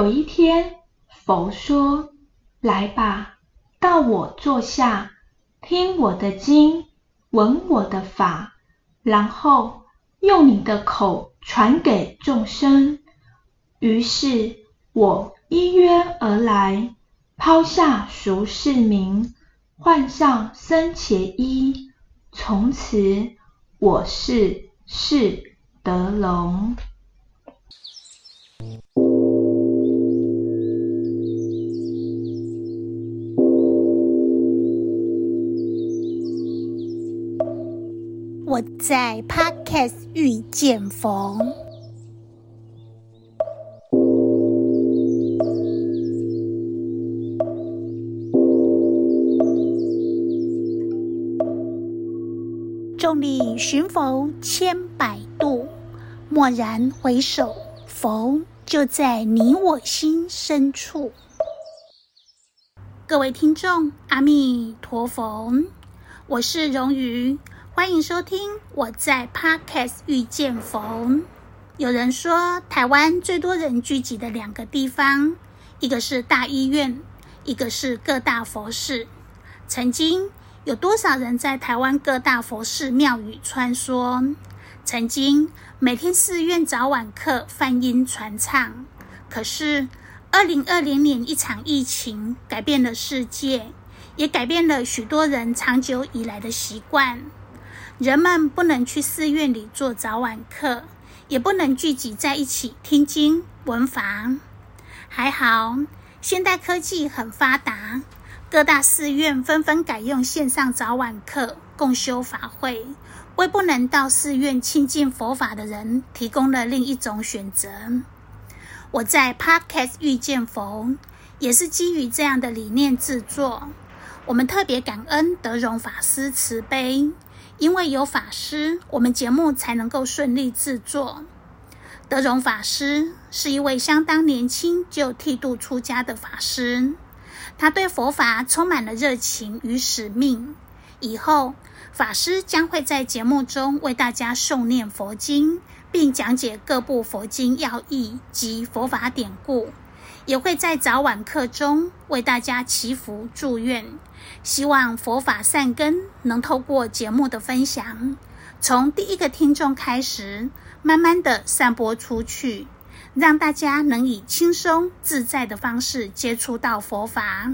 有一天，佛說：“來吧，到我座下，聽我的經，聞我的法，然後用你的口傳給眾生。”於是，我依約而來，拋下俗世名，換上僧伽衣，從此我是釋德容。我在 Podcast 遇見佛，眾裡尋佛千百度，驀然回首，佛就在你我心深處。各位聽眾，阿彌陀佛，我是榮瑜。歡迎收聽《我在 Podcast 遇見佛》。有人說，台灣最多人聚集的兩個地方，一個是大醫院，一個是各大佛寺。曾經有多少人在台灣各大佛寺廟宇穿梭？曾經每天寺院早晚課、梵音傳唱。可是，二零二零年一場疫情改變了世界，也改變了許多人長久以來的習慣。人們不能去寺院裡做早晚課，也不能聚集在一起聽經聞法。還好，現代科技很發達，各大寺院紛紛改用線上早晚課、共修法會，為不能到寺院親近佛法的人提供了另一種選擇。我在 Podcast 遇見佛，也是基於這樣的理念製作。我們特別感恩德容法師慈悲。因為有法師，我們節目才能夠順利製作。德容法師是一位相當年輕就剃度出家的法師，他對佛法充滿了熱情與使命。以後，法師將會在節目中為大家誦念佛經，並講解各部佛經要義及佛法典故。也會在早晚課中為大家祈福祝願，希望佛法善根能透過節目的分享，從第一個聽眾開始，慢慢的散播出去，讓大家能以輕鬆自在的方式接觸到佛法，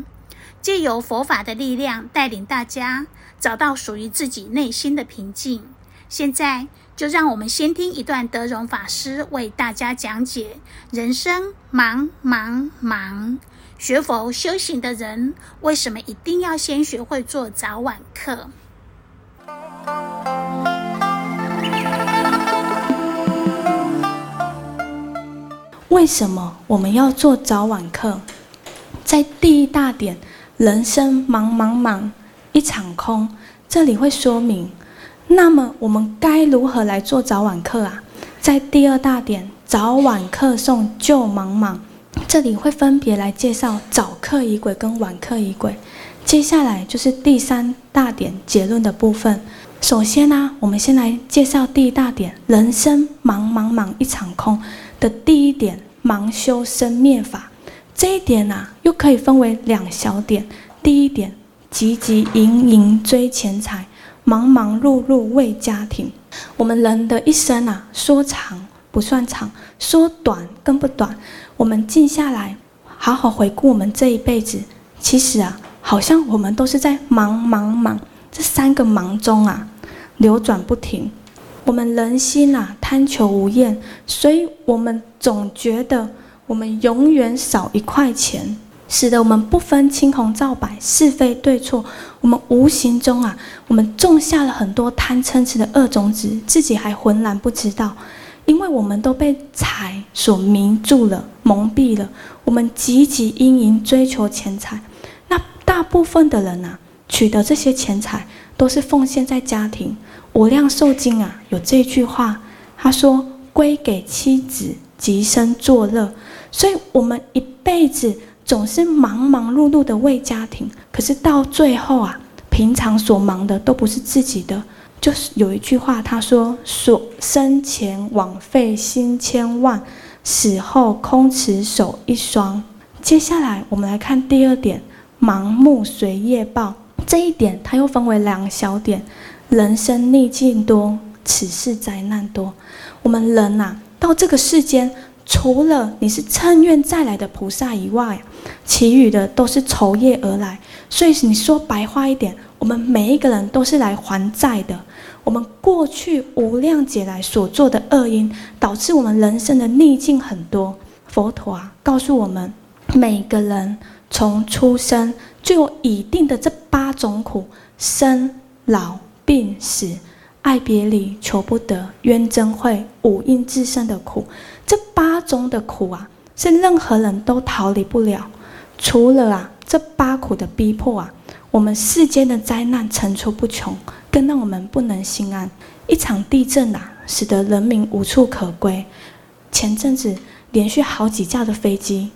借由佛法的力量，帶領大家找到屬於自己內心的平靜。現在。就讓我們先聽一段德容法師為大家講解：人生忙、盲、茫，學佛修行的人為什麼一定要先學會做早晚課？為什麼我們要做早晚課？在第一大點“人生忙、盲、茫，一場空”，這裡會說明。那麼我們該如何來做早晚課啊？在第二大點“早晚課誦救茫茫”，這裡會分別來介紹早課儀軌跟晚課儀軌。接下來就是第三大點結論的部分。首先呢、啊，我們先來介紹第一大點“人生忙盲茫一場空”的第一點“忙修生滅法”。這一點呢、啊，又可以分為兩小點。第一點“汲汲營營追錢財”。忙忙碌碌為家庭，我們人的一生啊，說長不算長，說短更不短。我們靜下來，好好回顧我們這一輩子，其實啊，好像我們都是在忙忙忙這三個忙中啊，流轉不停。我們人心啊，貪求無厭，所以我們總覺得我們永遠少一塊錢。使得我們不分青紅皂白、是非對錯，我們無形中啊，我們種下了很多貪嗔癡的惡種子，自己還渾然不知道，因為我們都被財所迷住了、蒙蔽了，我們汲汲營營追求錢財。那大部分的人啊，取得這些錢財都是奉獻在家庭。無量壽經啊，有這句話，他說：“歸給妻子，極身作樂。”所以，我們一輩子。總是忙忙碌碌的為家庭，可是到最後啊，平常所忙的都不是自己的。就是有一句話，他說：“所生前枉費心千萬，死後空持手一雙。”接下來我們來看第二點，盲目隨業報。這一點它又分為兩小點：人生逆境多，此事災難多。我們人吶、啊，到這個世間。除了你是趁願再來的菩薩以外，其餘的都是酬業而來。所以你說白話一點，我們每一個人都是來還債的。我們過去無量劫來所做的惡因，導致我們人生的逆境很多。佛陀啊，告訴我們，每個人從出生就有一定的這八種苦：生、老、病、死。愛別離、求不得、怨憎會、五陰熾盛的苦，這八種的苦啊，是任何人都逃離不了。除了啊，這八苦的逼迫啊，我們世間的災難層出不窮，更讓我們不能心安。一場地震啊，使得人民無處可歸；前陣子連續好幾架的飛機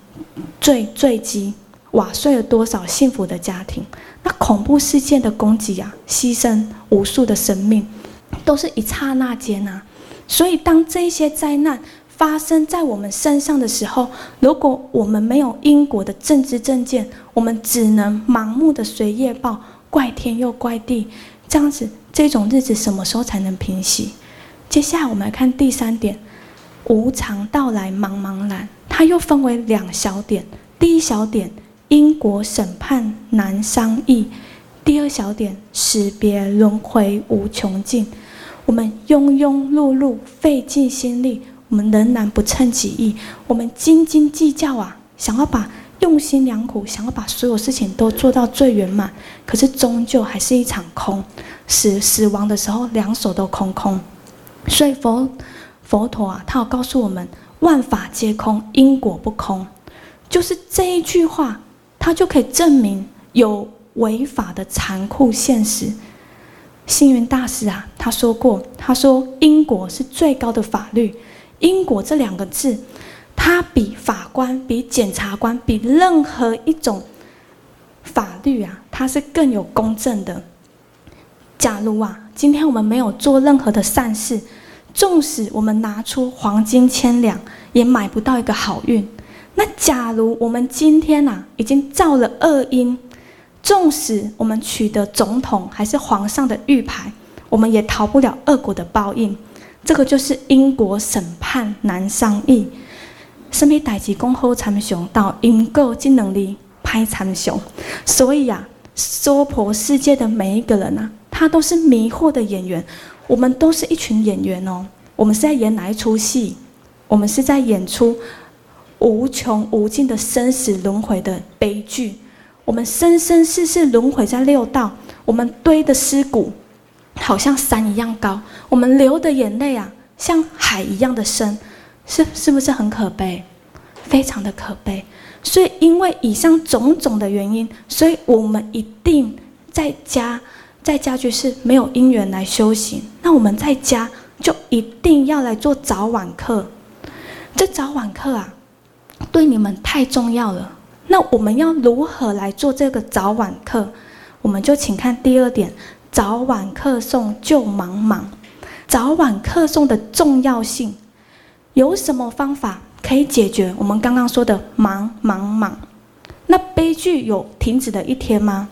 墜墜機，瓦碎了多少幸福的家庭？那恐怖事件的攻擊啊，犧牲無數的生命。都是一剎那間吶，所以當這些災難發生在我們身上的時候，如果我們沒有因果的正知正見，我們只能盲目的隨業報，怪天又怪地，這樣子，這種日子什麼時候才能平息？接下來我們來看第三點，無常到來茫茫然，它又分為兩小點，第一小點，因果審判難商議；第二小點，識別輪回無窮盡。我們庸庸碌碌，費盡心力，我們仍然不稱己意。我們斤斤計較啊，想要把用心良苦，想要把所有事情都做到最圓滿，可是終究還是一場空。死死亡的時候，兩手都空空。所以佛佛陀啊，他有告訴我們：萬法皆空，因果不空。就是這一句話，他就可以證明有違法的殘酷現實。星雲大師啊，他說過，他說，因果是最高的法律，因果這兩個字，它比法官、比檢察官、比任何一種法律啊，它是更有公正的。假如啊，今天我們沒有做任何的善事，縱使我們拿出黃金千兩，也買不到一個好運。那假如我們今天啊，已經造了惡因。縱使我們取得總統還是皇上的玉牌，我們也逃不了惡果的報應。這個就是因果審判難商議，什麼代誌講好參詳，到因果這兩字歹參詳。所以呀、啊，娑婆世界的每一個人啊，他都是迷惑的演員，我們都是一群演員哦。我們是在演哪一出戲？我們是在演出無窮無盡的生死輪回的悲劇。我們生生世世輪迴在六道，我們堆的屍骨，好像山一樣高；我們流的眼淚啊，像海一樣的深，是是不是很可悲？非常的可悲。所以因為以上種種的原因，所以我們一定在家，在家居士沒有因緣來修行，那我們在家就一定要來做早晚課。這早晚課啊，對你們太重要了。那我們要如何來做這個早晚課？我們就請看第二點，早晚課誦就忙忙，早晚課誦的重要性，有什麼方法可以解決我們剛剛說的忙、盲、茫？那悲劇有停止的一天嗎？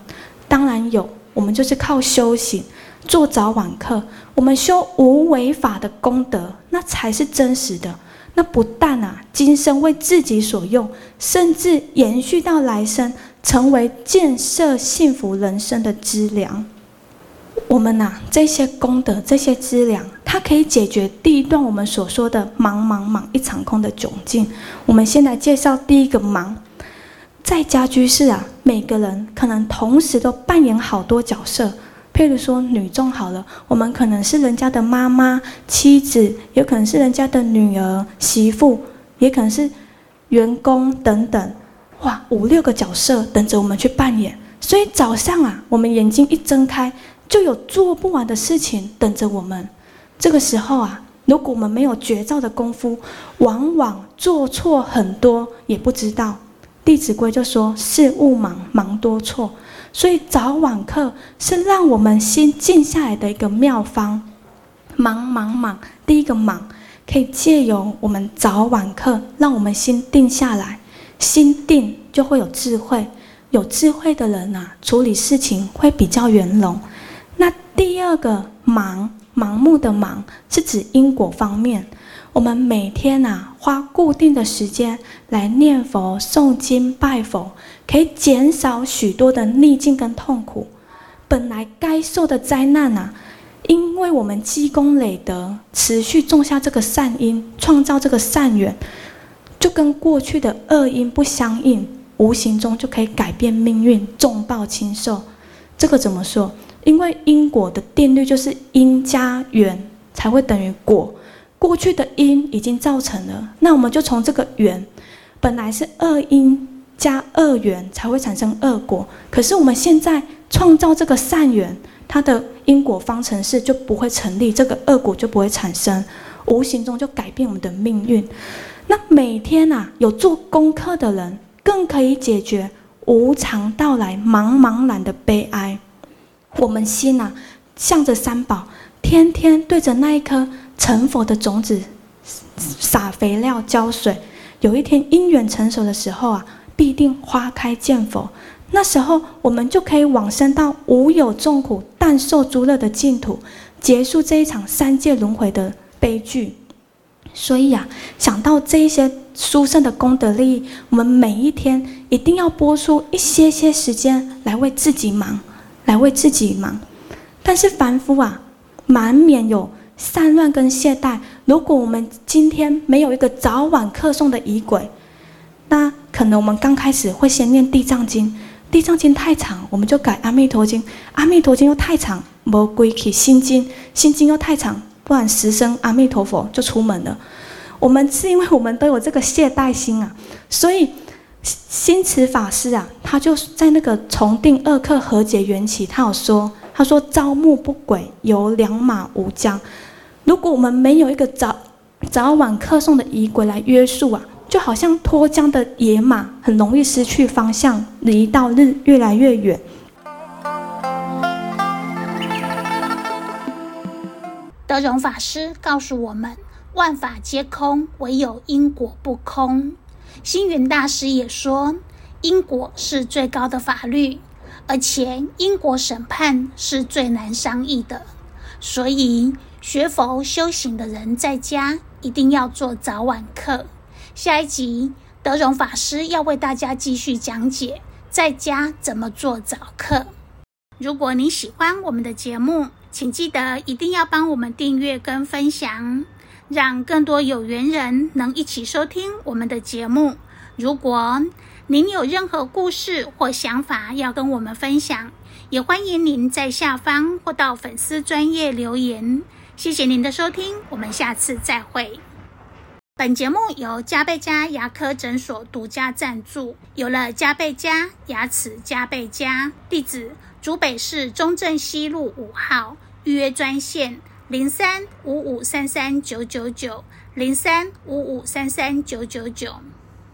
當然有，我們就是靠修行做早晚課，我們修無為法的功德，那才是真實的。那不但啊，今生為自己所用，甚至延續到來生，成為建設幸福人生的資糧。我們吶、啊，這些功德、這些資糧，它可以解決第一段我們所說的“忙盲茫一場空”的窘境。我們先來介紹第一個“忙”。在家居士啊，每個人可能同時都扮演好多角色。譬如說，女眾好了，我們可能是人家的媽媽、妻子，也可能是人家的女兒、媳婦，也可能是員工等等，哇，五六個角色等着我們去扮演。所以早上啊，我們眼睛一睜開，就有做不完的事情等着我們。這個時候啊，如果我們沒有覺照的功夫，往往做錯很多也不知道。《弟子規》就說：事勿忙，忙多錯。所以早晚課是讓我們心靜下來的一個妙方。忙忙忙，第一個忙可以借由我們早晚課，讓我們心定下來。心定就會有智慧，有智慧的人啊，處理事情會比較圓融。那第二個忙，盲目的忙是指因果方面。我們每天吶、啊，花固定的時間來念佛、誦經、拜佛，可以減少許多的逆境跟痛苦。本來該受的災難吶、啊，因為我們積功累德，持續種下這個善因，創造這個善緣，就跟過去的惡因不相應，無形中就可以改變命運，重報輕受。這個怎麼說？因為因果的定律就是因加緣才會等於果。過去的因已經造成了，那我們就從這個緣，本來是惡因加惡緣才會產生惡果。可是我們現在創造這個善緣，它的因果方程式就不會成立，這個惡果就不會產生，無形中就改變我們的命運。那每天吶，有做功課的人更可以解決無常到來、茫茫然的悲哀。我們心吶，向着三寶，天天對着那一顆。成佛的種子，撒肥料、澆水，有一天因緣成熟的時候啊，必定花開見佛。那時候我們就可以往生到無有眾苦，但受諸樂的淨土，結束這一場三界輪迴的悲劇。所以啊，想到這一些殊勝的功德利益，我們每一天一定要撥出一些些時間來為自己忙，來為自己忙。但是凡夫啊，難免有。散亂跟懈怠，如果我們今天沒有一個早晚課誦的儀軌，那可能我們剛開始會先念地藏經，地藏經太長，我們就改阿彌陀經，阿彌陀經又太長，無歸去心經，心經又太長，不然十聲阿彌陀佛就出門了。我們是因為我們都有這個懈怠心啊，所以興慈法師啊，他就在那個《重訂二課合解緣起》，他有說，他說：朝暮不軌，有兩馬無韁。如果我們沒有一個早早晚課誦的儀軌來約束啊，就好像脫韁的野馬，很容易失去方向，離道日越來越遠。德容法師告訴我們：“萬法皆空，唯有因果不空。”星雲大師也說：“因果是最高的法律，而且因果審判是最難商議的。”所以。學佛修行的人在家一定要做早晚課。下一集德容法師要為大家繼續講解在家怎麼做早課。如果您喜歡我們的節目，請記得一定要幫我們訂閱跟分享，讓更多有緣人能一起收聽我們的節目。如果您有任何故事或想法要跟我們分享，也歡迎您在下方或到粉絲專頁留言。謝謝您的收聽，我們下次再會。本節目由嘉貝嘉牙科診所獨家贊助。有了嘉貝嘉牙齒，嘉貝嘉地址：竹北市中正西路五號，預約專線零三五五三三九九九、零三五五三三九九九。